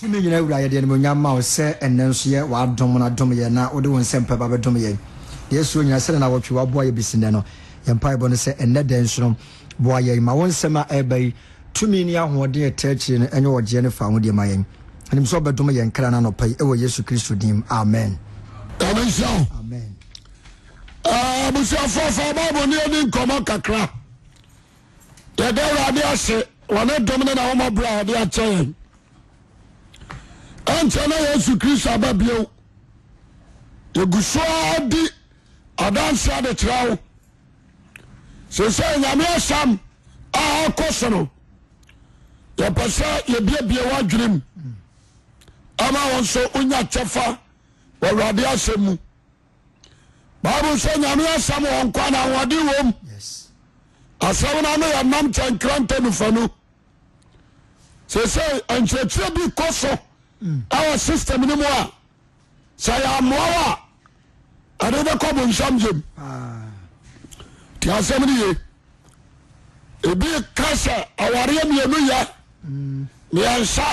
tumi nyina wura yɛde animonyam ma wo sɛ ɛnɛ nso yɛ waadom no adom yɛ na wode wo nsɛm pɛ ba bɛdom yɛn deɛ suo nyina sɛne na wɔtwe waboa yɛ bisinɛ no yɛmpaebɔ no sɛ ɛnɛ dɛ nso no boa yɛn ma wo nsɛm a ɛba yi tumi ne ahoɔden ɛtaa akyiri no ɛnyɛ wɔgyeɛ no fa ho deɛ ma yɛn anim sɛ wobɛdom yɛn kra no anɔpa yi ɛwɔ yesu kristo dim amen amen ah, bible ne ɛni nkɔmmɔ kakra yɛdɛ awurade ase wɔne dom ne na wɔmɔbrɛ a wɔde akyɛ yɛn ɛnkyɛ na yesu kristo aba bio yɛgu soa di adanse ade kyerɛ wo sesɛ nyame asam a akɔ so no yɛpɛ sɛ yɛbiabie w'adwenem ama wɔn nso wonya kyɛfa wɔ awurade asɛm mu bible sɛ nyame asɛm wɔn nkwa na ahoɔden wom asɛm no ano yɛnam kyɛnkrantɔ nufa no sesɛ nkyerɛkyerɛ bi kɔ so ou system ne muwa se ya moawa anebe kobo nsam yem tia semineye ebi krese awariye miemu ye mieinsa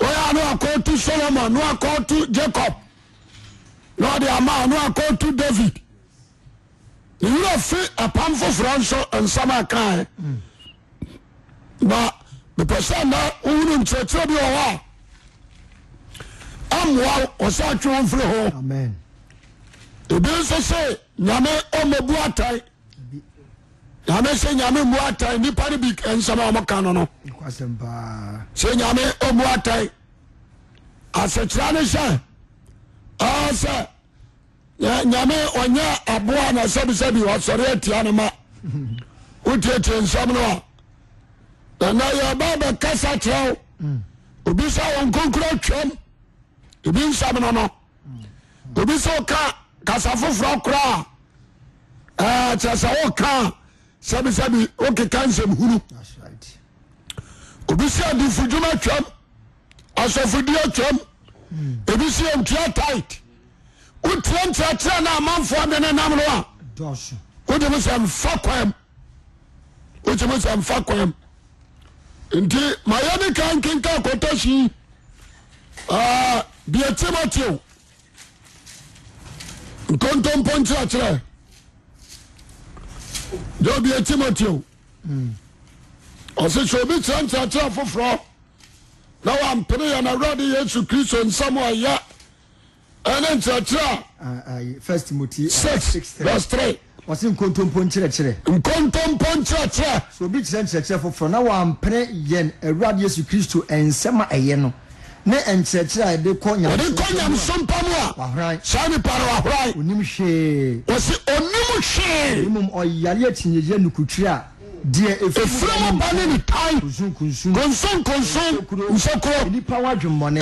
waya anea ko otu solomon anea ko otu jacob newade ama aneako otu david a were fe apam fuforo nso insama akone wa po sanna owunu nterɛterɛ bi wɔ hɔ a amoa ɔsa tweo mferi ho ebi nso se nyame omabu atae nyame se nyame mbu atai nipa ne bi nsɛm aomoka nono se nyame obu atae asekera ne sɛ asɛ nyame ɔnyɛ aboa na sɛbi sɛ bi wasɔrea atia ne ma wotie atie nsɛm noa ayɛba bɛkasateɛo obisɛ awo nkonkura atwam bi nsɛm no no obisɛ woka kasa foforɔ koraa terɛsɛ wo kaa sɛbisɛbi wokeka nsɛm huru obise adufudwuma twam asɔfodio twam obiseantua tit ko tire ntraterɛ ne amanfoa dene nam no a wotmo sɛmfa kw m wotimo sɛ mfa kw m nti mayɛ ne kan kenka kɔtɔ sii ah, bia timoteo nkontompo nkyerɛkyerɛ dɛ bia timoteo ɔse sɛ obi kyerɛ nkyerɛkyerɛ foforɔ na wampene yɛ na awurade yesu kristo nsɛm ɔyɛ ɛne nkyerɛkyerɛ a 6 vs 3 ɔsi nkontompo nkyerɛkyerɛ. nkontompo nkyerɛkyerɛ. so obi kyerɛ nkyerɛkyerɛ foforɔ na wampere yɛn awurade yesu kristo nsɛm a ɛyɛ no ne nkyerɛkyerɛ a yɛde kɔ nyamso. yɛde kɔ nyamso mpam a. wahoran saa nipa no wahoran. onim hwee. wɔsi onim hwee. mmom ɔyare akyinyegye nukutwi a deɛ efirin ba ne ni tan konsonkonson nsokoro enipa ho adwumɔne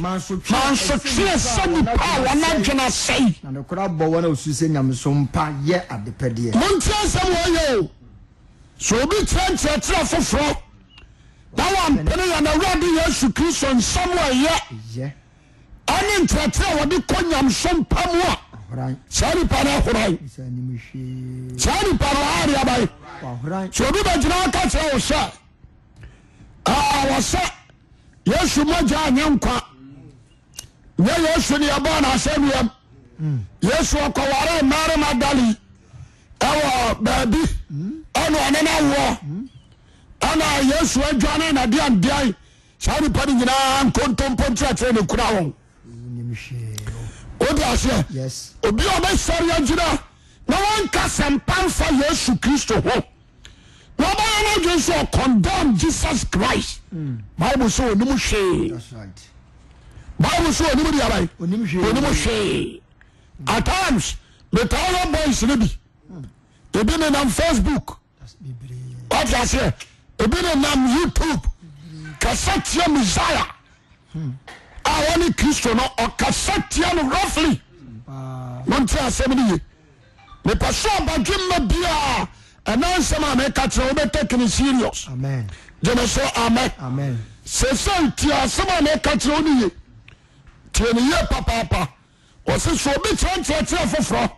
mansotire sɛ nipa a wɔn adwena sɛyi. na ne kora bɔ wɔn a osu sɛ nyamuso mpa yɛ adepɛdeɛ. monti asɛm wɔ yɛ o so obi kyerɛ nkyerɛkyerɛ foforɔ na wampene yɛ na awurade yesu kristo nsɛm wɔ yɛ ɛne nkyerɛkyerɛ wɔde kɔ nyamuso mpa mu a. snipane hora sanipanareabae soobi bɛgyinaka keɛ o sɛ awɔsa yesu moa anyenkwa ye yesu neɛbonasɛ nuam yesu ɔkɔware mare madali ɛw baabi ɛnuɔnenwoɔ ane yesu ɛjuanenadeandea sanipane nyinaa nkontompontie tene kura o aseɛ obi a ɔbɛsɔre agyina na wɔnka sɛmpa mfa yesu kristo ho na ɔbɛyɛ no adwen sɛ ɔkɔndam jesus christ bible so, ɔnim hwee bible sɛ ɔnim deabae ɔnim hwee at times metaa yɛ boys no bi hmm. ebi ne nam facebook wate aseɛ ebi ne nam youtube kɛsɛ tiɛ messiah hmm a wɔne kristo no ɔkasa tia no roughly monte asɛm no ye mepɛ sɛ ɔbadwemma biaa ɛna nsɛm a meka kyerɛ wobɛtake no serious gyene so amen sɛsɛ tie asɛm a meka kyerɛ wo no ye tie no ye papaapa ɔse sɛ obi kyerɛnkyerɛkyerɛ foforɔ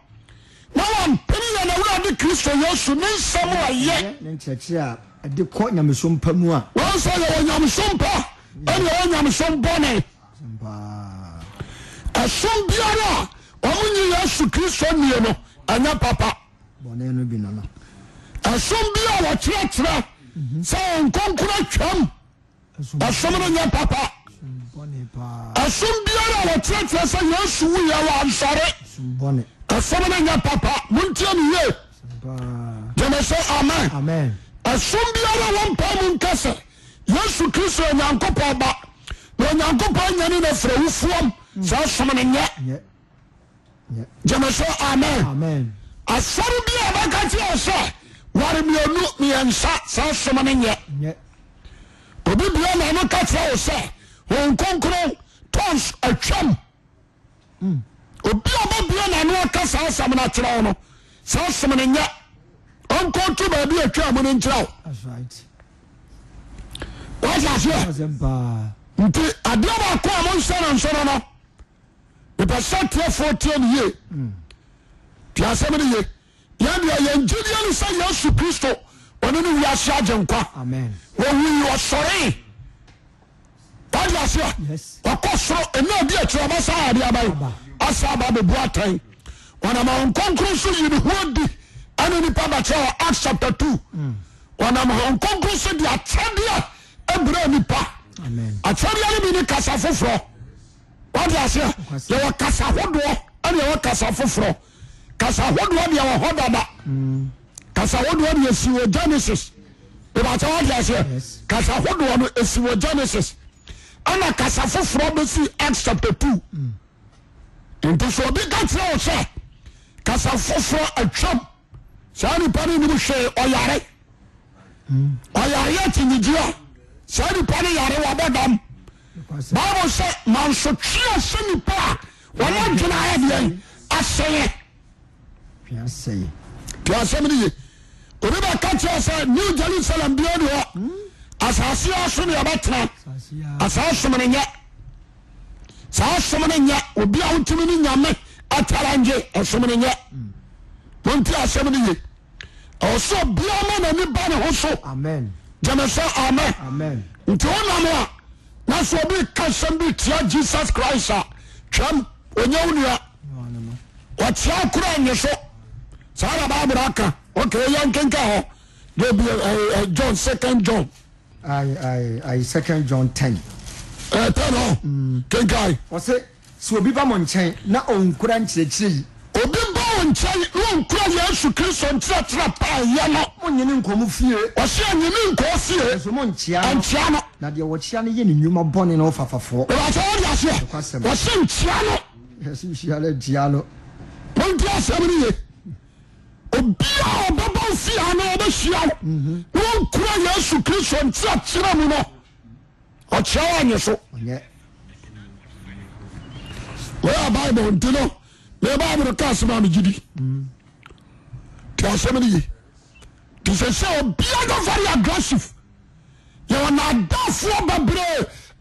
na wampem yɛ na wurade kristo yesu ne nsɛm a yɛ wɔnsɛ yɛwɔ nyamesom pa ɛne ɛwɔ nyamesom bɔne asom biara a ɔmonye yesu kristo nnieno anya papa asom biaa wɔkyerɛkyerɛ sɛ ɔnkonkroro twam asomre nya papa asom biaro wɔkyerɛ kyera sɛ yesu woyɛwonsare asom re nya papa montie nowe ganeso ama asom biara a wompa monkɛsɛ yesu kristo nyankopɔn ba na nyankopɔn nyanenafrɛ wofuom sa asemene yɛ jemesɛ amen asare bia baka tiao sɛ ware mianu miensa sa a seme ne yɛ obibie nano ka tera o sɛ onkonkro to atwam obibabie naneaka saasa mina terawono saasemene yɛ ɔnko to baabi atwa mone nterao wasaso nti adiɔmaakoa monsorensoro no esɛt 4otn e sɛeei so yesu kristo narnknr o yednipa ɛa a2 nankonro o de atade branipa a b mm. e kasa foforo wode aseɛ yɛwɔ kasa hodoɔ ɛne yɛwɔ kasa foforɔ kasa hodoɔ deɛ wɔ hɔ dada kasa hodoɔ deɛ ɛsi wɔ genesis ìbàtà wọ́n di ẹsẹ̀ kasa ahodoɔ no esi wɔ Genesis ɛna kasa foforɔ bɛ si Acts chapter two nti sɛ obi ka kyerɛ wɔ kasa foforɔ atwam saa nipa no nim hwee ɔyare mm. ɔyare yɛ ti nyigyia saa nipa no yare wabɔ dam bible sɛ mansotwe ɔsɛ nipa a wɔne dwenaeɛ deɛ asɛe asɛe nti asɛm ne ye obi bɛka kyerɛ sɛ new jerusalem bia de hɔ asase asom yɛbɛtena asaa som no nyɛ saa som no nyɛ obi a wotumi no nyame atara ngye ɔsom no nyɛ wonti asɛm no ye ɛwɔ sɛ biama nani ba ne ho so gyeme sɛ amen nti wonam a na sɛ obi ka bi tia jesus christ a twam ɔnya wo nua ɔtia kora nye so saa na bible aka ɔka ɛyɛ nkenka hɔ deɛ bi eh, eh, john second john I, I, I second John ten, Uh, 10 oh. mm. Kenkai. Ɔsɛ sɛ obi ba mo nkyɛn na ɔnkura nkyerɛkyerɛ yi nkyɛn wọn kura yesu kristo nkyerɛkyerɛ paa yɛ no. mo nyini nkɔmu fie. ɔsi anyini nkɔ fie. ɛsɛ mo nkyia no nkyia no. na deɛ wɔkyia no yɛ ne nnwuma bɔnne na ɔfafafoɔ. ìwàsó wọn di aseɛ wɔsi nkyia no. yɛsi nkyia no nkyia no. pɔnkí asɛm ni yɛ obiara ɔbɛbɔ fie ano ɔbɛhyia no mhm. wọn kura yesu kristo nkyerɛkyerɛ mu no ɔkyerɛ wɔn anyi so. wɔyɛ bible nti no. e baibro kaasemaamegyidi ti asɛmine ye tisese obiaga vare agressife yɛwona adafoo babere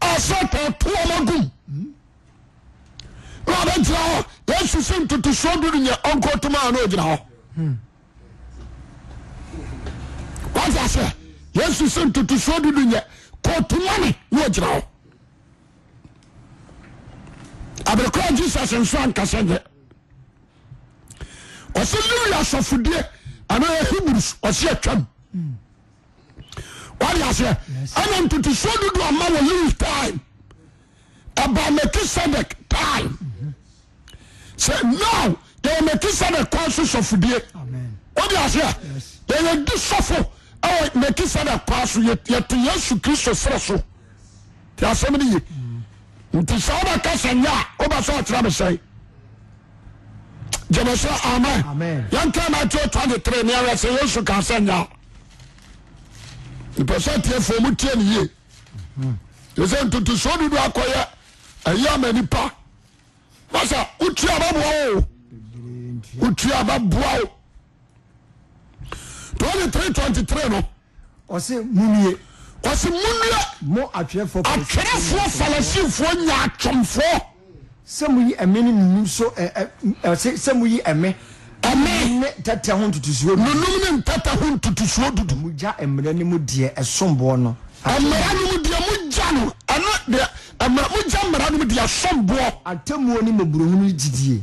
ase totoom agum ne abegyerawo yasu se intoto suoduduye ɔnkotomaane yirao wata se yesu se intoto suo dudu ye kotumane ne oyirao abrekura jesus nsuankasee ɔsɛ yeyɛ safodee anahebrus aseatwan odeasɛ ɛnantot so doduama wo he time aba melkisedek tim sɛ no yɛyɛ melkisedek koa so safodie odisɛ yɛyɛdi sɔfo w melkisedek koa so yɛto yesu kristo serɛ so sɛ ntisɛ wobɛkasanyɛa wobɛsatramesɛ jẹmẹsẹ amen Amen. kẹ́ Matthew ni three ní ẹ̀rọ ẹ̀sẹ̀ a kà sẹ́ nyà ìpèsè tiẹ̀ fòmù tiẹ̀ nìyẹ ẹsẹ̀ ntutu sọ dudu akọyẹ ẹ̀yẹ àmà nípa 23. utu àbábọ̀ o o twenty three twenty three no. mo nyà sɛ mo yi ɛmɛ ne nunu so ɛ ɛ sɛ mo yi ɛmɛ. ɛmɛ ne tɛtɛ ho ntutusuo. nunum ne ntɛtɛ ho ntutusuo dudu. mo gya mmerɛ ne mu deɛ ɛsomboɔ no. mmerɛ ne mu deɛ mo gya no ɛno deɛ mmerɛ mo gya mmerɛ ne mu deɛ ɛsomboɔ. atamuo ne maburohunu gyidie.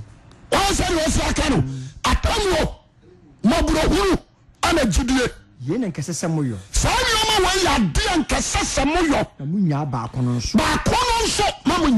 wɔn sɛ deɛ ɔsi aka no atamuo maburohunu ɛna gyidie. yéé na nkɛsɛ sɛ mo yɔ. saa nneɛma wɔn yɛ adeɛ nkɛsɛ sɛ mo yɔ. na mo nya baako no nso. baako no nso ma mo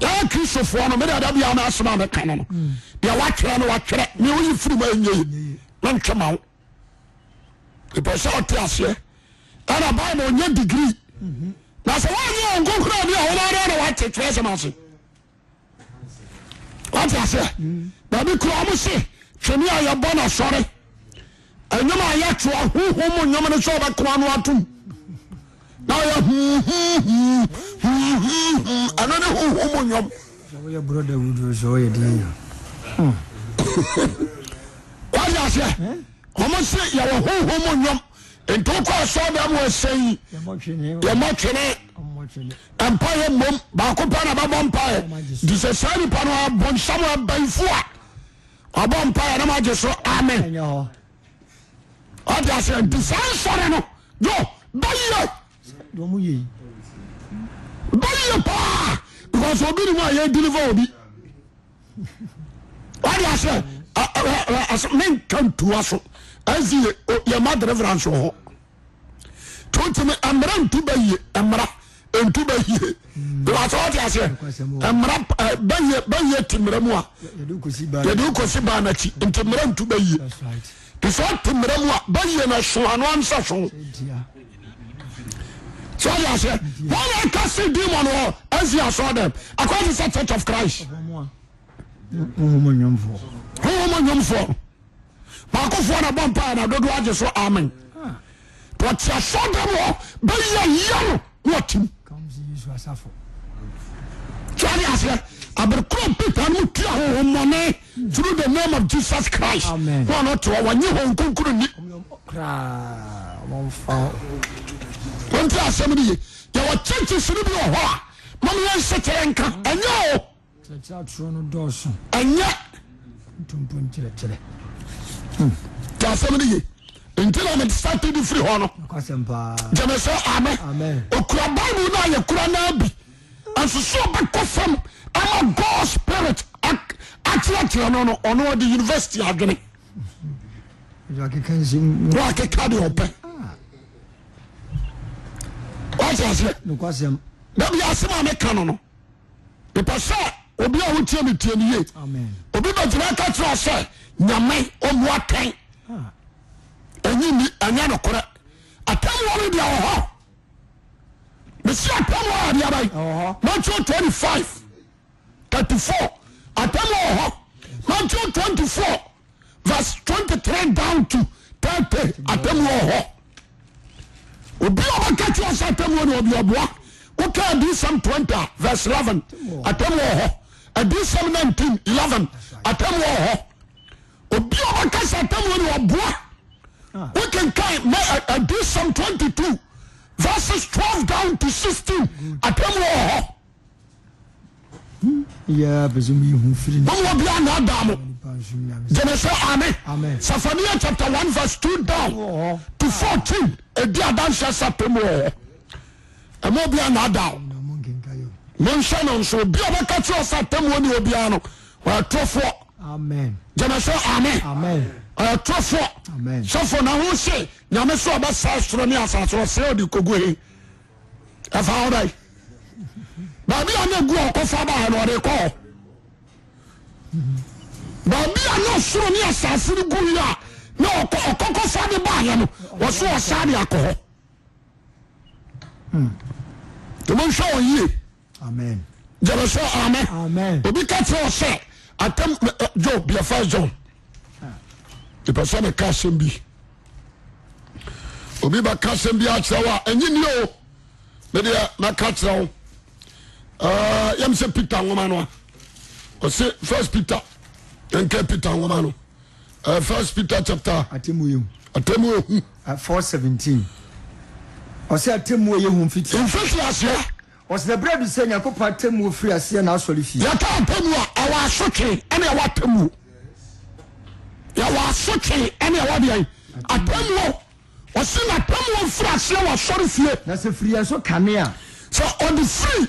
yàrá kirisofoɔ no mẹ́rin adabi àwọn asọ́mọ́ àmì kan no deɛ wàtwerɛ no wàtwerɛ ní oyin firi mu enye yi ne ntwɛ ma wo ìpèsè ɔte aseɛ ɛna báyìí onye digiri na sɛ wàá yẹ nkonkoro bi a wọn bá dẹ́ na wàá tẹ twerɛ sẹ́mu ase wàtí aseɛ baabi kura ɔmo se twene a yɛ bɔ na sɔre ɛnyɛm a yɛ to ahohom nyɛm ne sɛ ɔbɛ kɔn ano na ɔyɛ huhuhu huhuhu ɛno ne huhu mu nwom. sɛ woyɛ broda wuduro sɛ ɔyɛ den ya. wadi aseɛ wɔn se yɛwɔ huhu mu nwom nti wokɔ asɔɔ bɛɛ mu ɛsɛ yi yɛmɔ twene mpa yɛ mmom baako pa na bɛbɔ mpa yɛ nti sɛ saa nipa no abɔnsam abaifo a ɔbɔ mpa yɛ na magye so amen ɔde aseɛ nti saa nsɔre no yo bɛyɛ beye paa ekas obinem a ye dile feobi odesemenka ntowa so sye madere verenseho totm mera ntu beye mra nt ee tememeksi banti nt mnte eso te meremu a beyena soanoanse so ese dm sasude se churc of christ y f bakfd s amn tsodemo bye ye tim roe tr the name of jesus crisro wnti asɛm ne ye yɛwɔ kyekyesi no bi wɔ hɔ a mano yansɛ kyerɛ nka ɛnyɛ o ɛnyɛ n hmm. asɛm e ye ntinme sated fri hɔ noyamesɛ ame ɔkura bible no ayɛ kora no bi ansoso beku fam ama gol spirit akyerɛ kyerɛ no no ɔno ɔde university adwene kekadeɔpɛ debi asem a me ka no no epɛ sɛ obiho tie me tiemiye obi batira ka tirio se yame omua ten yimi anya nokore atemur deh mese atemudbmat 2534 atmh matw 24 vers 23 tot0 atamuh obi a ɔbɛka kye ɔsɛ atamuo ne ɔde ɔboa woka adisɛm 20 verse 11 atamu wɔ hɔ adisɛm 19 11 atamu wɔ hɔ obi a ɔbɛka sɛ atamuo ne ɔboa wokenkan ma adisɛm 22 verses 12 down to 16 atamu wɔ hɔ wɔn wɔ bi a na ada mo jẹmẹsẹ ami Sefaniah chapter one verse two down to fourteen edi adansi ẹsẹpẹ mu ọwọ e. ẹmu obi a n'ada o mo n sẹ no nso obi a bẹ kẹtí ọsẹ tẹmu ọ ni obi a no ọ yẹ tọfọ jẹmẹsẹ ami ọ yẹ tọfọ sọfọ na ho se nyame sọ ọbẹ sẹ ẹsoro ní ọsẹ ọdi kogu eyi ẹfa e ọdọ yi baabi a ne gu ọkọ faba ọdọ e ọdi kọ baabi hmm. a na ɔsoro ne asase no gu yi a na ɔkɔkɔ fa de baayɛ no wɔso ɔsaa de akɔ hɔ tòmɔnhwɛ wɔ yie gyere so amɛ obi ka kyerɛ wɔ sɛ atam jo biafa john nipa sɛ ne asɛm bi obi ba asɛm bi akyerɛ wo a ɛnyi ni o medeɛ mɛka kyerɛ wo yɛm sɛ peter nwoma no a ɔse first peter nkɛ peter nwoma no uh, first peter chapter atemuye atemuye hu uh, four seventeen ɔsɛ atemuye hu mfiti mfiti aseɛ ɔsɛ ɛbrɛ bi sɛ nyankopɔn atemuo firi aseɛ na asɔre fie yɛka atemuo a ɛwɔ asotwe ɛne ɛwɔ atemuo yɛwɔ asotwe ɛne ɛwɔ deɛ atemuo ɔsi na atemuo firi aseɛ wɔ asɔre fie na sɛ firi yɛn so kanea sɛ ɔde firi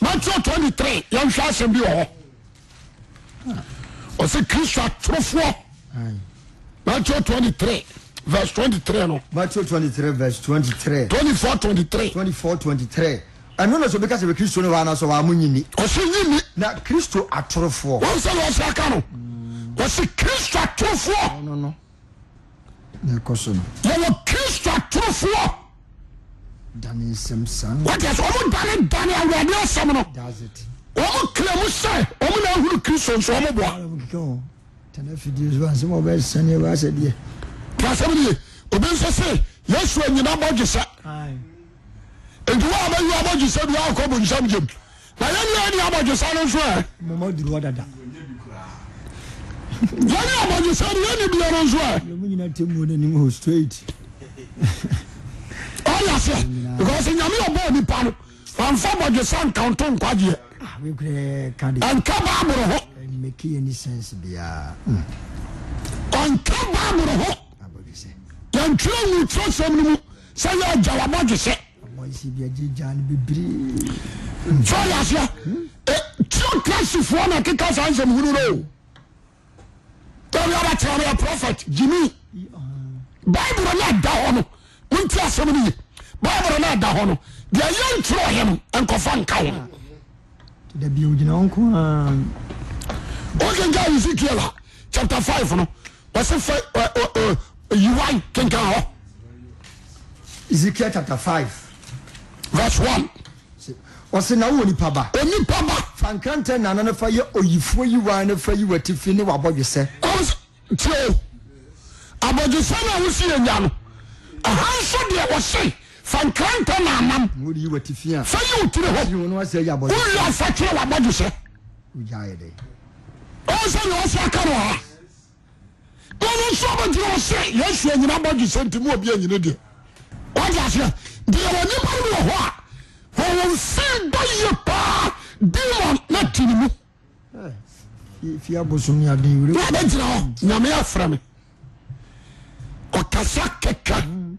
matthew twenty three yɛn hwɛ asɛm bi wɔ hɔ ɔsɛ kristu atorofoɔ matthew twenty three verse twenty three no. matthew twenty three verse twenty three. twenty four twenty three. twenty four twenty three. ɛno na sɛ obi ka sɛ bɛ kristo ne hɔ anaasɛ waa mo nyini. ɔsɛ nyini. na kristo atorofoɔ. wɔn sɛ wɔn sɛ aka no ɔsɛ kristo atorofoɔ. yɛwɔ kristo atorofoɔ. dane nsɛm saa wodeɛ sɛ ɔmo dane dane awurade asɛm no ɔmo kra mu sɛ ɔmo na ahuru kristo nso ɔmo boa prasɛm ne ye obi nso se yesu anyina bɔgye sɛ nti wo a bɛwi abɔgye sɛ de woakɔ bo nsɛm gyem na yɛnyɛ ne abɔgye sɛ no nso ɛ yɛne abɔgye sɛ no yɛne bia no nso ɛ ɔyɛ aseɛ because nyame ɔbɔ nipa no wamfa bɔdwe sa nkanto nkwagyeɛ ɛnka baaboro ho ɔnka baaboro ho yɛntwerɛ wu kyerɛsɛm no mu sɛ yɛagya wabɔdwe sɛ so ɔyɛ aseɛ teokrasifoɔ na keka saa nsɛm hunu no tɛbi abakyerɛ no yɛ prophet gyimi bible no ada hɔ no wonti asɛm no ye bible no ada hɔ no deɛ yɛ ntwerɛ ɔyɛ no nkɔfa nka ho wokenka ezekiel a chapter five, no wɔse fɛ yiwan kenka hɔ ezekiel chapter 5 verse one. ɔsɛ na wowɔ nipa ba onipa ba fa nana no fa yɛ oyifoɔ yiwan no fa yi watifi ne wabɔdwesɛ tio abɔdwesɛ no a wosi yɛ nya no ɛha nso deɛ wɔse fankrantɔ naanam fa yi o tiri hɔ o yi afakyerɛ wa bɔ jisɛ ɔn sɛ yɛ ɔsɛ aka wɔ ha ɔn nso ɔbɛ gyina ɔsɛ yɛsu ɛnyina bɔ jisɛ nti mu obi ɛnyina deɛ ɔdi aseɛ deɛ wɔn nipa no wɔ hɔ a wɔn fi ba yie paa demon na ti ne mu. fi abosom ya den wura. wọ́n bɛ gyina hɔ nyame afra mi ɔkasa kɛkɛ.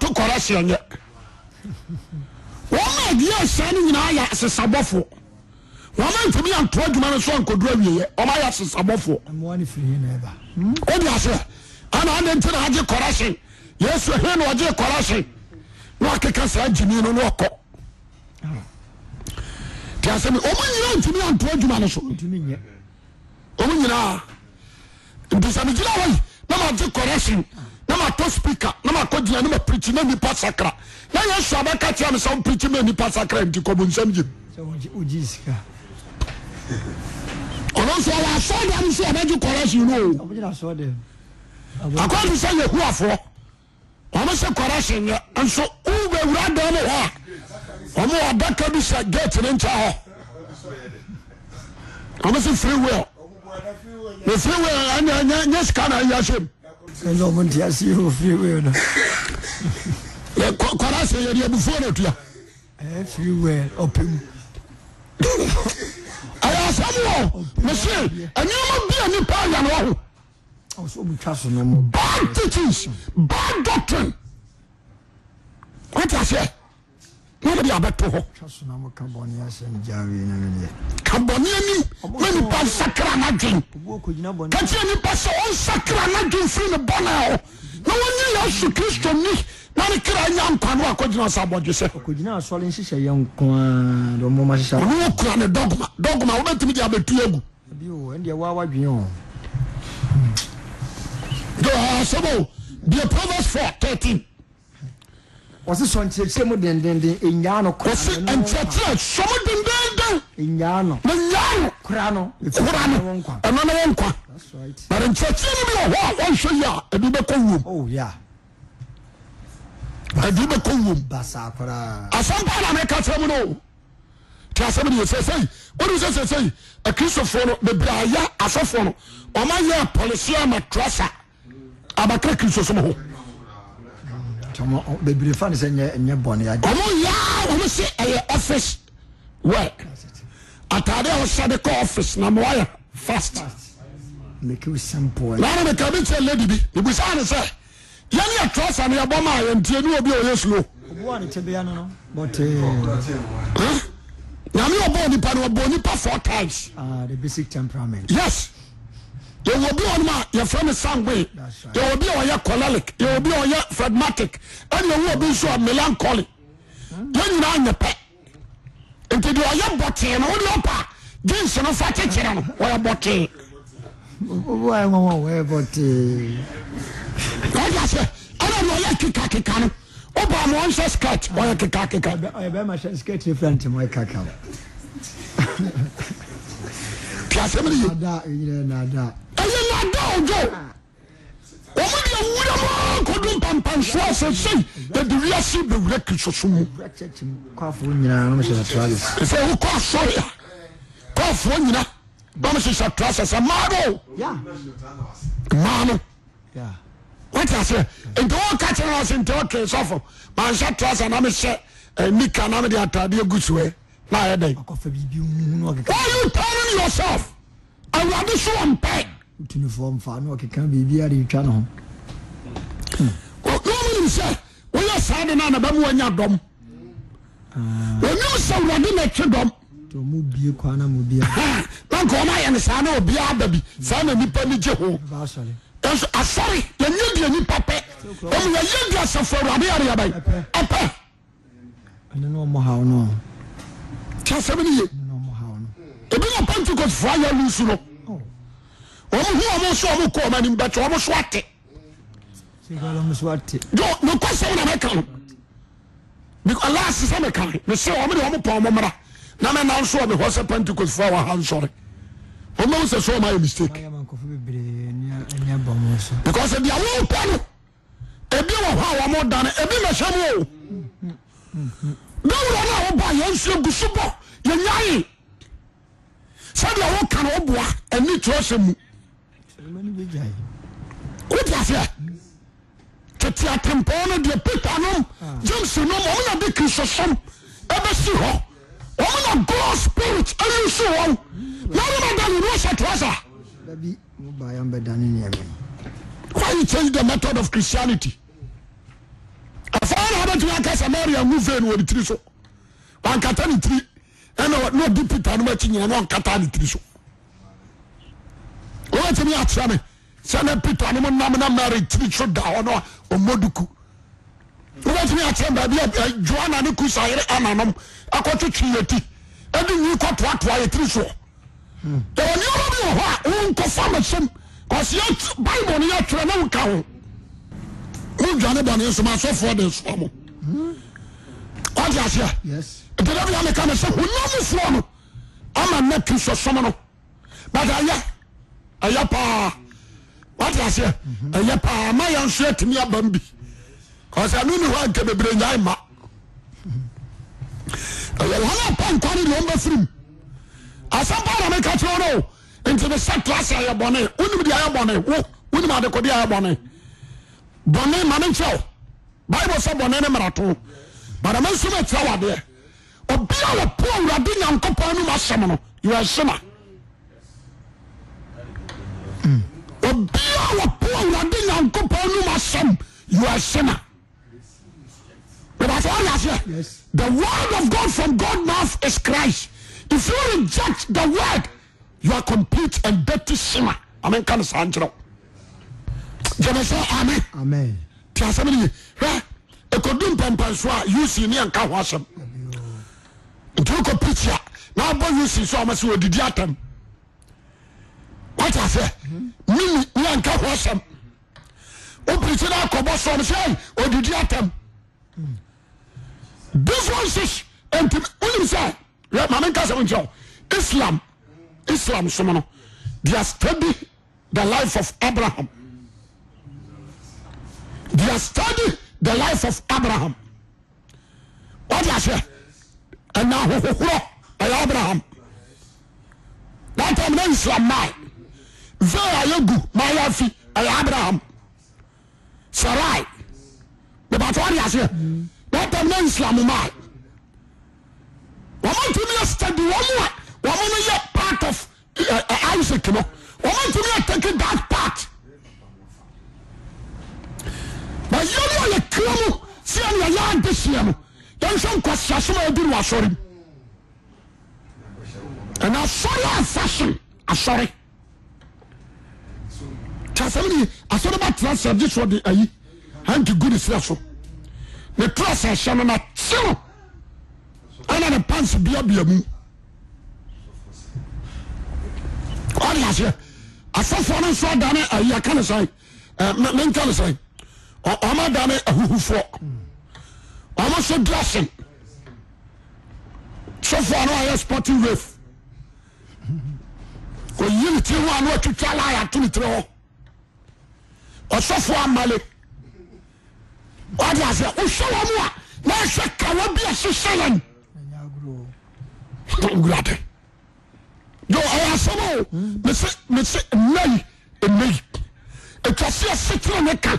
to correction yɛ wɔn a di ahyia no nyinaa yɛ asesabɔfoɔ wɔn a ntumi antoa adwuma no so ankodoro awieɛ wɔn ayɛ asesabɔfoɔ o di aseɛ ɛna adi nti na agye correction yesu ehe na ɔgye correction na wakeka saa gyimi no na ɔkɔ ti asɛm wɔn nyinaa ntumi antoa adwuma no so wɔn nyinaa ntisɛmigyina wɔyi na ma agye correction na matɔ speaker na makɔ gyina ne mapirikyi na nipa sakra na yɛ sɔ abɛka kyerɛ me sɛ wopirikyi ma nipa sakra nti kɔbu nsɛm yim ɔno nso ɔwɔ asɔɔdam nso ɔbɛgye kɔrɛsi no o akɔde sɛ yɛhuafoɔ ɔmo sɛ kɔrɛsi nyɛ nso wobɛwura dan no hɔ a ɔmo ɔdaka bi sɛ gate ne nkyɛ hɔ ɔmo sɛ free will ne free will ɛnyɛ sika na ɛyɛ ahyɛm ɛnna ɔmo nti ase yi o freeway no. kɔra se yɛ de ebufuo na tuya. ɛɛ freeway ɔpem. ɛyɛ asɛm wɔ mɛsi ɛnìyɛmɔ bi nipa ayɛ na ɔho. ɔsɔ mu twa so no mu. bad teachings bad doctrine. wọ́n ti ase wọ́n di hɔ. ka bɔnni anim nipa nsakira anadwin kakyia nipa sɛ wɔn nsakira firi ne bɔnna hɔ na wɔn nyɛ yasu ni na ne kira nya nkwa no akɔgyina sɛ abɔdwe sɛ. ne dɔgma dɔgma wɔbɛtumi de abɛtu egu. ebi deɛ wawa dwen o. proverbs four nrɛkeɛ s dnankerɛkeɛ e ɛasampan meekaterɛmu no tsɛdeose kristof no brya asfo n mayɛ polisi ama tressa bakra krio som bebree fa ne sɛ nyɛ bɔne ade ɔmo yaa ɔmo se ɛyɛ office work atade a wɔhyɛ de kɔ office na ma wayɛ fast make you simple naana meka bi kyerɛ lady bi ebusa ne sɛ yɛne yɛ trɔsa no yɛbɔ ma yɛntie ne obi a ɔyɛ suo eh, nyame ɔbɔ nipa no ɔbɔ nipa four times ah, the basic temperament yes yɛwɔ bi wɔnom a yɛfrɛ no sangoe yɛwɔ bi a ɔyɛ colelic yɛwɔ bi a ɔyɛ Fredmatic. ɛne yɛwɔ bi nso a melancholy hmm? yɛn nyinaa nyɛ pɛ nti deɛ ɔyɛ bɔtee no wode ɔpa jeans no fa kyekyere no ɔyɛ bɔtee ɔda sɛ ɛna ne ɔyɛ kekakeka no woba ma ɔnhyɛ skirt ɔyɛ kekakeka asɛm ne ye ɛyɛ nada ɔdwo ɔmo deɛ wura mu akɔdum pampansoɔ asɛ sei yɛde wiase bɛwura krisoso mu sɛ wokɔ asɔre a kɔɔfoɔ nyina bam hyehyɛ trasa sɛ maa no maa no wate aseɛ nti wɔka kyerɛ no ase nti ɔtwe sɔfo manhyɛ trasa na mehyɛ nika na mede atadeɛ gu soɛ you tellin yourself awade soompɛ m nem sɛ woyɛ sade nona bamowaanya dɔmnm sa wrade ne twe dɔmmak ona ayɛne saa ne obia babi saa na nipa meye ho so asare anya di nipa pɛ maye duasafo wradeyareabaɛ kyɛ asɛm no ye ebi na pentecostfoɔ ayɛ lu nsu no wɔn hu wɔn so wɔn kɔ wɔn anim bɛtɛ wɔn so ate jɔ ne kɔ sɛm na mɛka no because last sɛ mɛka ne sɛ wɔn de wɔn pɔn wɔn mra na mɛ nan so wɔn hɔ sɛ pentecostfoɔ wɔ ha nsɔre wɔn bɛ wusɛ so wɔn ayɛ mistake because deɛ wɔn pɛ no ebi wɔ hɔ a wɔn dane ebi na hyɛ mu o dawuro na wɔn ba yɛn nsu egusi bɔ yɛnyaye sɛdeɛ woka no woboa ani kyerɛsɛ mu wotiaseɛ tete atempɔn no deɛ peter nom james nom ɔmna de kristosom ɛbɛsi hɔ ɔmna god spirit ayusu wɔn na womadane ne ɔhyɛ trasa why you change the method of christianity afaa na wobɛtumi aka samaria ngu vei no wɔ ne tiri so wankata ne tiri ɛna ne ɔdi peter no makyi nyina ne ɔnkata ne tiri so wɔbɛtumi akyerɛ me sɛne peter no nam na mary tiri so da hɔ no ɔmɔduku wobɛtumi akyerɛ baabi joana ne kusa yere ananom akɔtwetwe yɛti ɛde nwi kɔtoatoa yɛtiri soɔ yɛwɔ nneɔma bi wɔ hɔ a wonkɔfa mesɛm kɔse bible no yɛtwerɛ ne woka ho wodwane bɔne nsoma asɔfoɔ de nsoa wọ́n ti àṣẹ. ìpínlẹ̀ bí wàmí kàmi sọ ọ̀nàmú fún ọ̀nù ọmọ ẹ̀ mẹ́kì sọ sọmọ nù bàtà ẹ̀yẹ ẹ̀yẹ paa wọ́n ti àṣẹ ẹ̀yẹ paa má yà nsọ ẹ̀ tìmí àbá mbì ọ̀sẹ̀ ẹ̀nu ni wọ́n nkẹ́ bèbèrè nyà ẹ̀ma ẹ̀yẹ wọn náà pa ni lọ́n bẹ firi asampa ọ̀nà mi kà kyerẹ́ ọ̀nà o nti mi sẹ́ kílásì ayẹ bọ̀nẹ wúnim di ayẹ bọ̀nẹ wúnim adekodi ayẹ bọ̀nẹ bọ̀nẹ mami nkyẹw báyìí bọ̀ sẹ́ bọ̀nẹ ni mìràtó. tamansomtuawadeɛ obiawpuwrde yayɛ the word of god from god mouth is christ if you reject the word youare complete andat sma amea sa kyerɛ md ɛkɔdu mpɛmpɛnso a uc ne ɛnka ho asɛm nti wokɔ na abo uc so ama sɛ wɔdidi atam wata sɛ mini ne ɛnka ho asɛm wopirikyi no akɔbɔ sɔm sɛ ɔdidi atam differences nti wonim sɛ mame nka sɛm nkyerɛ islam islam som no they study the life of abraham they are study lofraam dea anr abraham atemnislam m eyg maya fi ay abraham sara t d amnislam m mtm study ny part of eh, eh, eh, skttat partb akoa mu sɛ ne ɛyɛ ade seɛ no yɛnhwɛ nkɔsiasom a ɛduru asɔre mu ɛna asɔre a fashion asɔre kyɛsɛm ne asɔre batera sɛ gye soɔ de ayi anti gu ne serɛ so ne torɔ sɛ hyɛ no nakye no ɛna ne pants biabia mu ɔde aseɛ asɔfoɔ no nso adane ayi aka ne sɛe menka ne sɛe oma dane ahuhu foo omaso dlasen sofo ne wayɛ sporti wa oyen tiho a newatwitwa layatone tere ho ɔsofo amale adease ohɛ womua nahwɛ ka wa biasesɛyen rade yaseno mmese nai nei etwaseɛ sekerene kan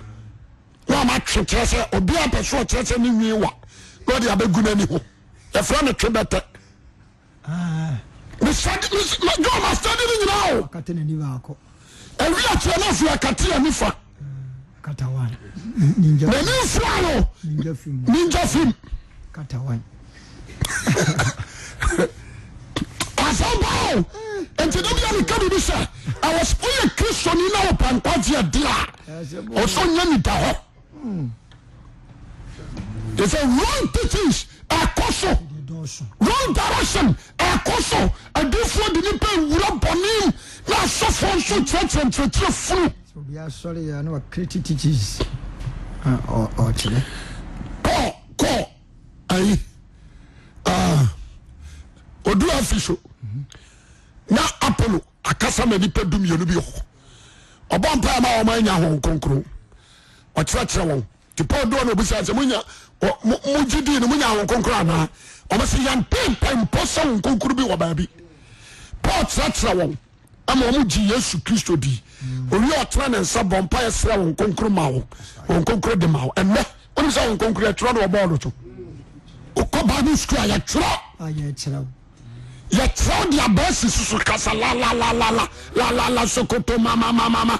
na ɔma twe kyerɛ sɛ obia pɛ so ɔkyerɛ sɛ wa na ɔde abɛgu no ani ho yɛfrɛ no twe bɛtɛ ah. jomastade no nyinaa o awi akyerɛ no afiri akate ani fa nani fra no ninja film asɛmpao nti da bia meka biribi sɛ ɛwɔ woyɛ kristoni na wɔpankwadeɛ de a ɔsɛ nya nida hɔ they say wrong teachings ɛkɔ so wrong direction ɛkɔ so adiifoɔ de nipa ewura bɔnne na asɔfoɔ nso kyerɛkyerɛ nkyerɛkyerɛ funu. obi asɔre yɛ na wakiriti teachings ɔkyerɛ. paul kɔ ayi odu afi so na apollo akasa ma nipa dumienu bi hɔ ɔbɔ mpa ama wɔn anya ahonkronkron ɔkyerɛkyerɛ wɔn ti paul doɔ na obisa sɛ munya mo gyi di ni munya awon konkoro anaa ɔmo sɛ yan pɛmpɛ mpɔ sɛ wɔn konkoro bi wɔ baabi paul kyerɛkyerɛ wɔn ama wɔn gyi yesu kristo di owie ɔtena ne nsa bɔ mpa ɛsrɛ wɔn konkoro ma wɔn wɔn konkoro di ma wɔn ɛnɛ wɔn sɛ wɔn konkoro ɛtwerɛ do ɔbɔɔlo to okɔ baabi sukuu a yɛtwerɛ yɛtwerɛ de abɛɛsi soso kasa la la la la la la la sokoto ma.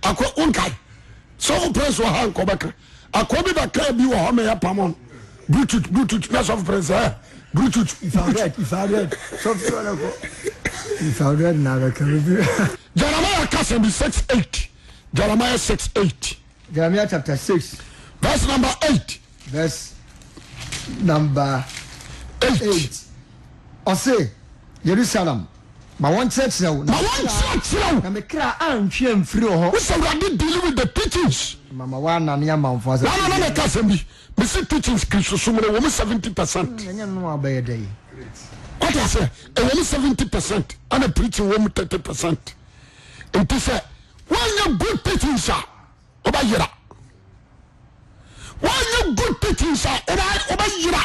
akɔ wonkae sɛ wo prince wɔ ha nkɔbɛka akɔ bi bakra bi wɔ hɔ meyɛ pam no bluetooth bluetooth na sɔfo prince ɛ eh? bluetooth jeremiah kasa bi 68 jeremiah 68 jeremiah chapter 6 verse number 8 verse number 8 ɔse yerusalem ma wọn kyerɛkyerɛ wo. ma wọn kyerɛkyerɛ wo. na mi kira antwi nfiri wɔ hɔ. wosɛ wulade dealing with the teachings. mama wa nani ama nfa sɛ. wọn nana ka sɛm bi bisi teachings kiri susumuni wɔn mu seventy percent. Mm, ɛnyɛ nínú wa bɛyɛ dɛ yi. kɔtà sɛ ɛwɔ mu seventy percent ɛna preaching wɔ mu thirty percent nti sɛ wọn yɛ good teachings a ɔba yira wọn yɛ good teachings a ɔba yira.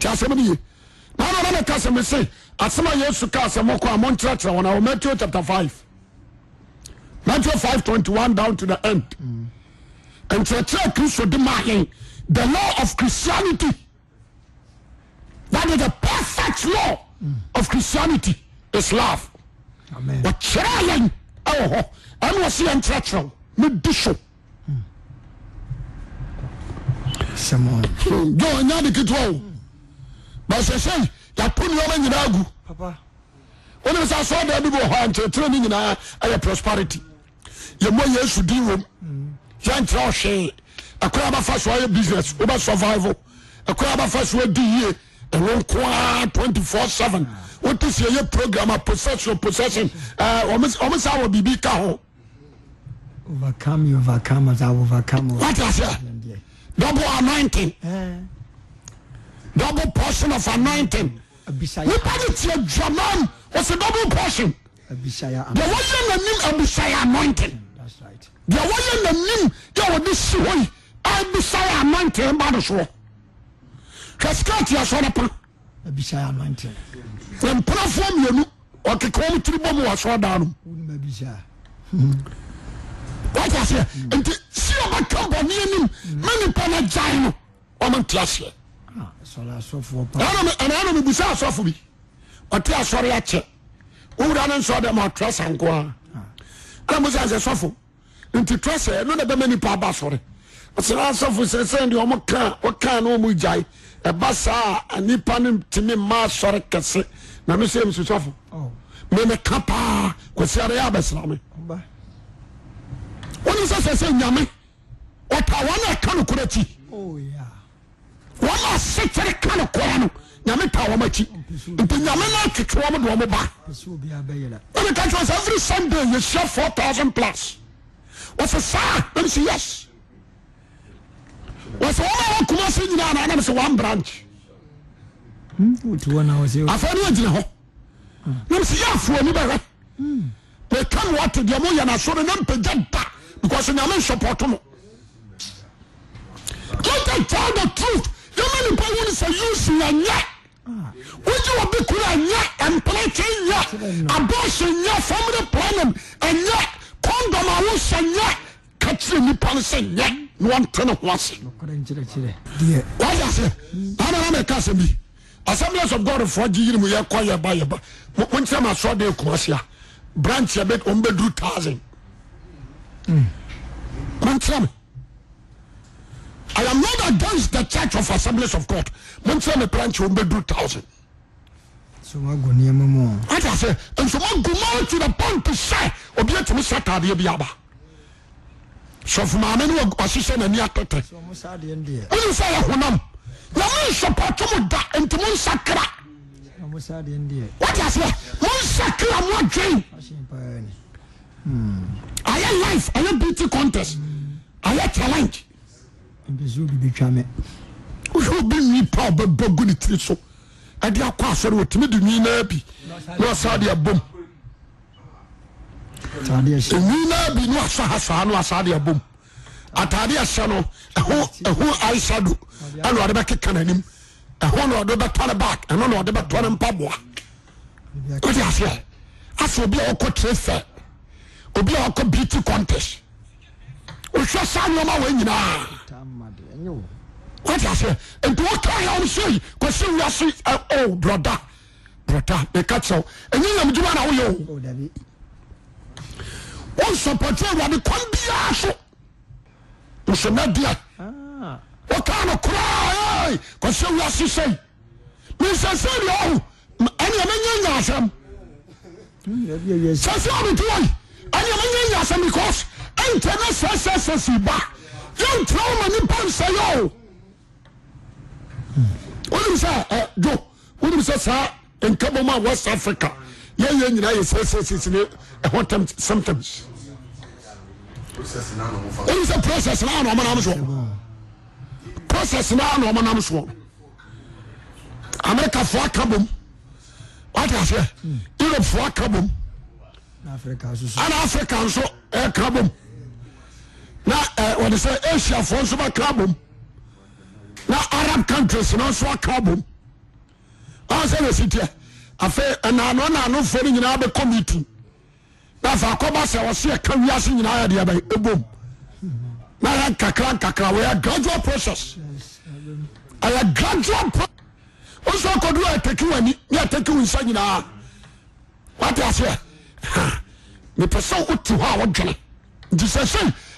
tí a sɛ mi ni ye. n'an nana ka asɛm a yesu kaa sɛ mɔkɔ a monkyerɛkyerɛ wɔn a wɔ matthew chapter five matthew five twenty one down to the end nkyerɛkyerɛ kristo de maa yɛn the law of christianity that is the perfect law mm. of christianity is love wɔkyerɛ yɛn ɛwɔ hɔ ɛna wɔsi yɛn kyerɛkyerɛw ne di so. jɔn n y'a di ketewa o basese yato nneɛma nyinaa gu wonim sɛ asɔ da bi wɔ hɔ a nkyerɛkyerɛ no nyinaa ɛyɛ prosperity yɛmmɔ yesu din wom mm. yɛnkyerɛ ɔhwee ɛkora bɛfa so ayɛ business wobɛ survival ɛkora bɛfa so adi yie ɛwo nkoa 24 7 ah. wote sɛ yɛ program a possession possession ɔme sa wɔ biribi ka ho overcome you overcome as I overcome. What is it? Double anointing. Eh. Double portion of anointing. nipa de tie dwaman ɔsɛ double portion deɛ wɔyɛ n'anim abusaya anointing deɛ wɔyɛ n'anim yɛ wɔde si hɔ yi abusaya anointing ba do soɔ hwɛ skirt asɔre pa mpanafoɔ mmienu ɔkeka wɔn tiri bɔ mu wɔ asɔre dan no wɔte aseɛ nti si ɔbɛka bɔ ne anim mɛ nipa no gyae no ɔmo nte aseɛ ɛna me busa asɔfo bi ɔte asɔre akyɛ wowura no nsɛ dɛ ma trɛsa nko a ɛna musa sɛ sɔfo nti trɛsa ɛno na bɛma nipa aba asɔre ɔsɛra asɔfo sɛ sɛ deɛ ɔmo ka wɔka na ɔmu gyae ɛba saa a nipa no tumi ma asɔre kɛse na me sɛ msu sɔfo memeka paa kɔsiare yɛ abɛsra me wone sɛ sɛ sɛ nyame ɔta wɔne ɛka no kora akyi oh, k ae aae vey ene for to0san plus eayeo rance eea ue le truth yema nipo wene se using ya weewobekoro ya mplet ya abs ya fomiy proem ya condom awose ya kakere nipne se ye neontene ose ksmb assemblase of godfo yerykyr sdekuse branchdr tsnr I am not against the church of assemblies of God. Mo n sẹ́ mi branch o n bẹ du thousand. So wọ́n gùn ní ẹmọ mọ́. Wọ́n ti sẹ́, ǹsọ́ wọ́n gùn mọ́ ti the pump sẹ́, obi ẹ̀ tún sẹ́ tàdé bi àbá. Sọ̀fù maame ni ọ̀ṣiṣẹ́ nani atẹ́tẹ́. Wọ́n sọ yẹ hunam. Na mo n sọpọtọ mo da nti mo n sakira. Wọ́n ti sẹ́, mo n sakira mo adwẹ́yìn. Ayẹ life, ayẹ beauty contest, ayẹ challenge wohwɛ obi nnipa a ɔbɛbɔ gu ne tiri so ɛde akɔ asɔre wɔtumi de nwinaa bi na ɔsaa de abom nwinaa bi ne wasɔ ha saa na wasaa de abom atade ɛhyɛ no ɛho aisado ɛna ɔde bɛkeka n'anim ɛho na ɔde bɛtɔ ne back ɛno na ɔde bɛtɔ ne mpaboa wode aseɛ asɛ obi a wɔkɔ trɛ fɛ obi a wɔkɔ beauty contest s sa wama wa yina nwoka ayyamin osapat wade kom bia so sne dia kan kra awsese mesesedeaneam ya nyasm sesdete nyayasm eas ntɛne sɛ sɛsɛse ba yontrawona nipamsɛyɛo wonum sɛjo uh, wonum sɛ saa nkabom a west africa yɛyɛ nyina yɛ sɛsɛtitini ɛhosymptemsom sɛ proces nannms process ne annms amerika foa ka bom sɛ erope fo ka bom an africa nso ɛka bom na eh, wɔde sɛ asiafoɔ nso bɛka abom na arab countries no nso aka abom ɔn sɛ wɔsi teɛ afei ɛnaano naanofoɔ no nyinaa bɛkɔ meeting na afa akɔba sɛ wɔse ɛka wiase nyinaa yɛdeɛ bɛ ɛbom na yɛ nkakra nkakra wɔyɛ gradual process ɛyɛ gradual pro wosɛ akɔduru a ɛtɛki w'ani ne ɛtɛki wo nsa nyinaa wate aseɛ mepɛ sɛ wote hɔ a wodwene nti sɛ sei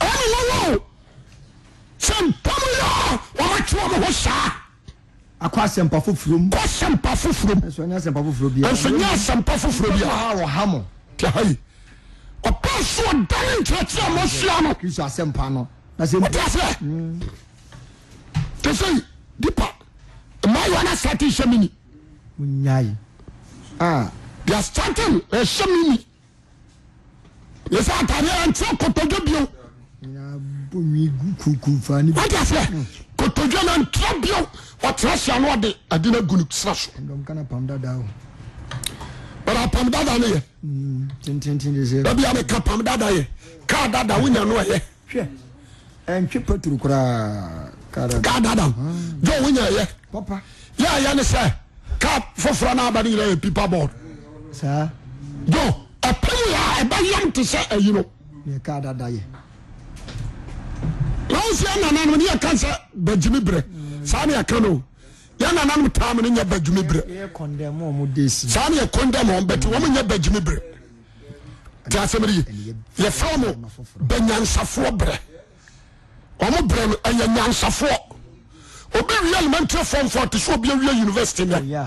anenolo sampamu yi wɔma ter mo ho sa akɔsempa fofrsmpa fofry smpa frɛoda kyerɛkerɛamnamn dasɛ kotodwano ntra bio ɔterasia noode adino gun sera so butapame dada nyɛka pam dadayɛ kadadaoyanyɛadda jwoya yɛ mm, yɛyɛne ah. sɛ ka foforɔ nbaneyey pepeboad j prem ɛbɛyam te sɛ ayino soynana nm neyka se ba gime bere sane yka yenananm tamne y bagim bere sane y kondemtmya bagime bereyfam byansafoo bere mbryyansafo obewialemate fomfotsbw university m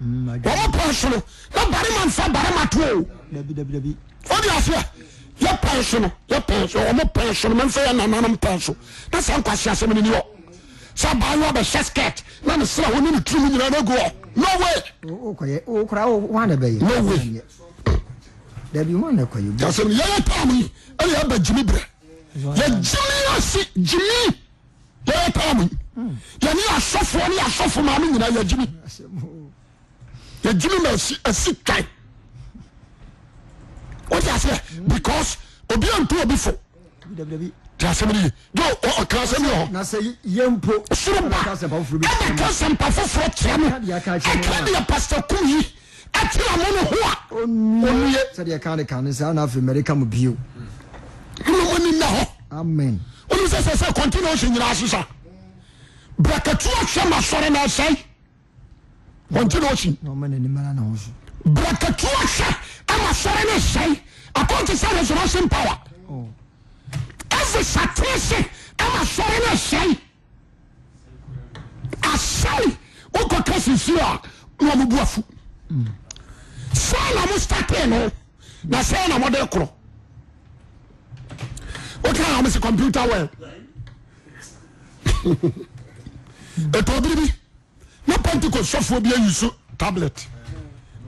m pson n barima fa barmat yɛ pɛn so no yɛ pɛn so wɔn pɛn so no mɛmfɛ yɛ nananom pɛn so na sɛ nkwasi asɛm ni ni wɔ sɛ abaayewa bɛhyɛ skirt na ne sira wɔn ne tiri mu nyinaa n'egu wɔ no way. o kɔyɛ o kora o wan de bɛ yɛ. no way. dabi wan de kɔyɛ. yasɛm ni yɛyɛ paamu yi ɛna yɛ bɛ jimi brɛ yɛ jimi ase jimi yɛyɛ paamu yi yɛni asɔfoɔ ni asɔfo maame nyinaa yɛ jimi yɛ jimi ma esi esi kan wote aseɛ because obi anto obi fo e. te asɛm no ye do ɔka asɛm yɛ hɔ soro ba ɛde ka sɛmpa foforɔ kyerɛ no ɛka deɛ pastor kum yi akyerɛ mo no ho a ɔnue sɛdeɛ ka de ka ne saa na afei mɛreka mu bio nomɔni nna hɔ amen wonim sɛ sɛ sɛ kɔntine ɔhyɛ nyinaa asesa brakatu ahwɛ ma sɔre na asɛe kɔntine ɔhyi brakatu ahyɛ ama sɔre ne hyɛn akɔnti sɛ resurrection power ɛfi satene se ama sɔre ne hyɛn asɛn wokɔka sisi a na ɔmo bu afu sɛn na mo statee no na sɛn na mo de korɔ wokaa na mo si computer well ètò obìnrin bi na pentikosɔfoɔ bi ayi so tablet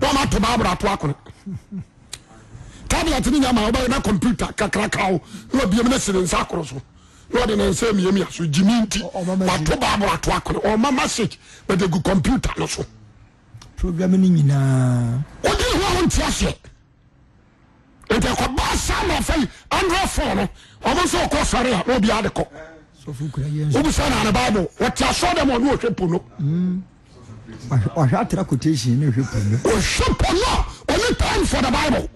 wọn ato baabura ato akono tablet ni nyama ọba yẹn na kọmputa kakraka o ní ọbi yẹn si ne nsa akoro so ní ọdi ne nsa emiemi aso jimi nti wato baabura ato akono ọma message bẹẹ de gu kọmputa no so. programme ni nyinaa. o di ihu ahun ti ase nti ẹkọ bá sáà náà fẹ yìí andrew ọmọ nsọ ọkọ sọrọ yà n'obi adekọ. sọfún na ne baabu wọ́n ti aso dẹ́mu ọdún òhwẹ́ pono. Mm ɔhwɛ atara quotation ne hwɛ pono ɔhwɛ pono a ɔne time for the bible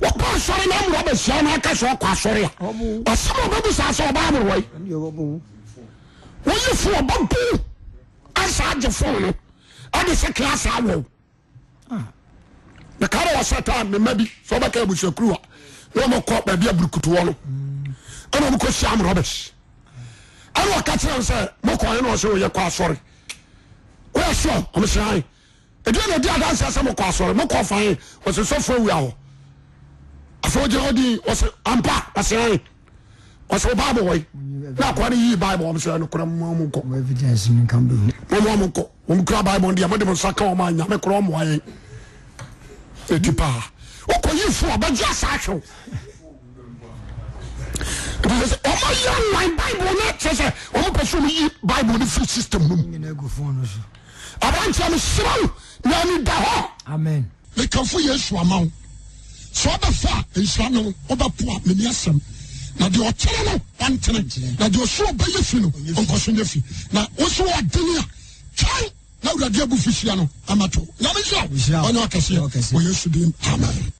wɔkɔ asɔre na mmorɔ bɛhyia no aka sɛ ɔkɔ asɔre a ɔsɛm ɔbɛbu saa sɛ ɔba aborɔi woyi fo ɔba bu asa agye fon no ɔde sɛ kra saa wɔ ah. mekare wɔ sɛ taa mema bi sɛ wobɛka abusuakuru a na ɔmɔkɔ baabi aburukutoɔ no ɛna ɔmokɔhyia mmorɔ bɛhyi ɛne ɔka kyerɛ m sɛ mokɔɛ na ɔsɛ woyɛ kɔ asɔre wọ́n sọ ọmọ sọ ayé èdè ọ̀nà di adansi ẹsẹ̀ mo kọ́ asọ̀rọ̀ mo kọ́ fàáyé wọ́n sọ sọ fún ewia hɔ afọwọ́jẹ́ wọn di wọ́n sọ ampa wọ́n sọ ayé wọ́n sọ báàbò wọ̀nyí náà kọ́ ni yíyí báàbò wọ́n sọ ayé nìkúrẹ́ mu ọmọ nkọ́ mo mu ọmọ nkọ́ wọ́n mu kura báàbò ndíyà mo de mo nsa ká wọn anya mi kúrẹ́ ọmọ ayé ètí paa wọ́n kọ yí fún ọba jẹ́ àṣà àṣọ ọmọ yẹ online báàbò náà kyerẹ sẹ ọmọ pẹ̀sùn mi yí báàbò ní free system nù aberanteɛ no serɛw na ani da hɔ mekamfo yesu ama wo sɛ wobɛfa a no wobɛpo a meni asɛm na deɛ ɔkyerɛ no ɔntene na deɛ ɔsoro ɔbɛyɛ fi no ɔnkɔso nyɛ fi na wo so a twan na awurade abu fi hyia no amato nyame nhyira ɔne ɔkɛseɛ wɔ yesu amen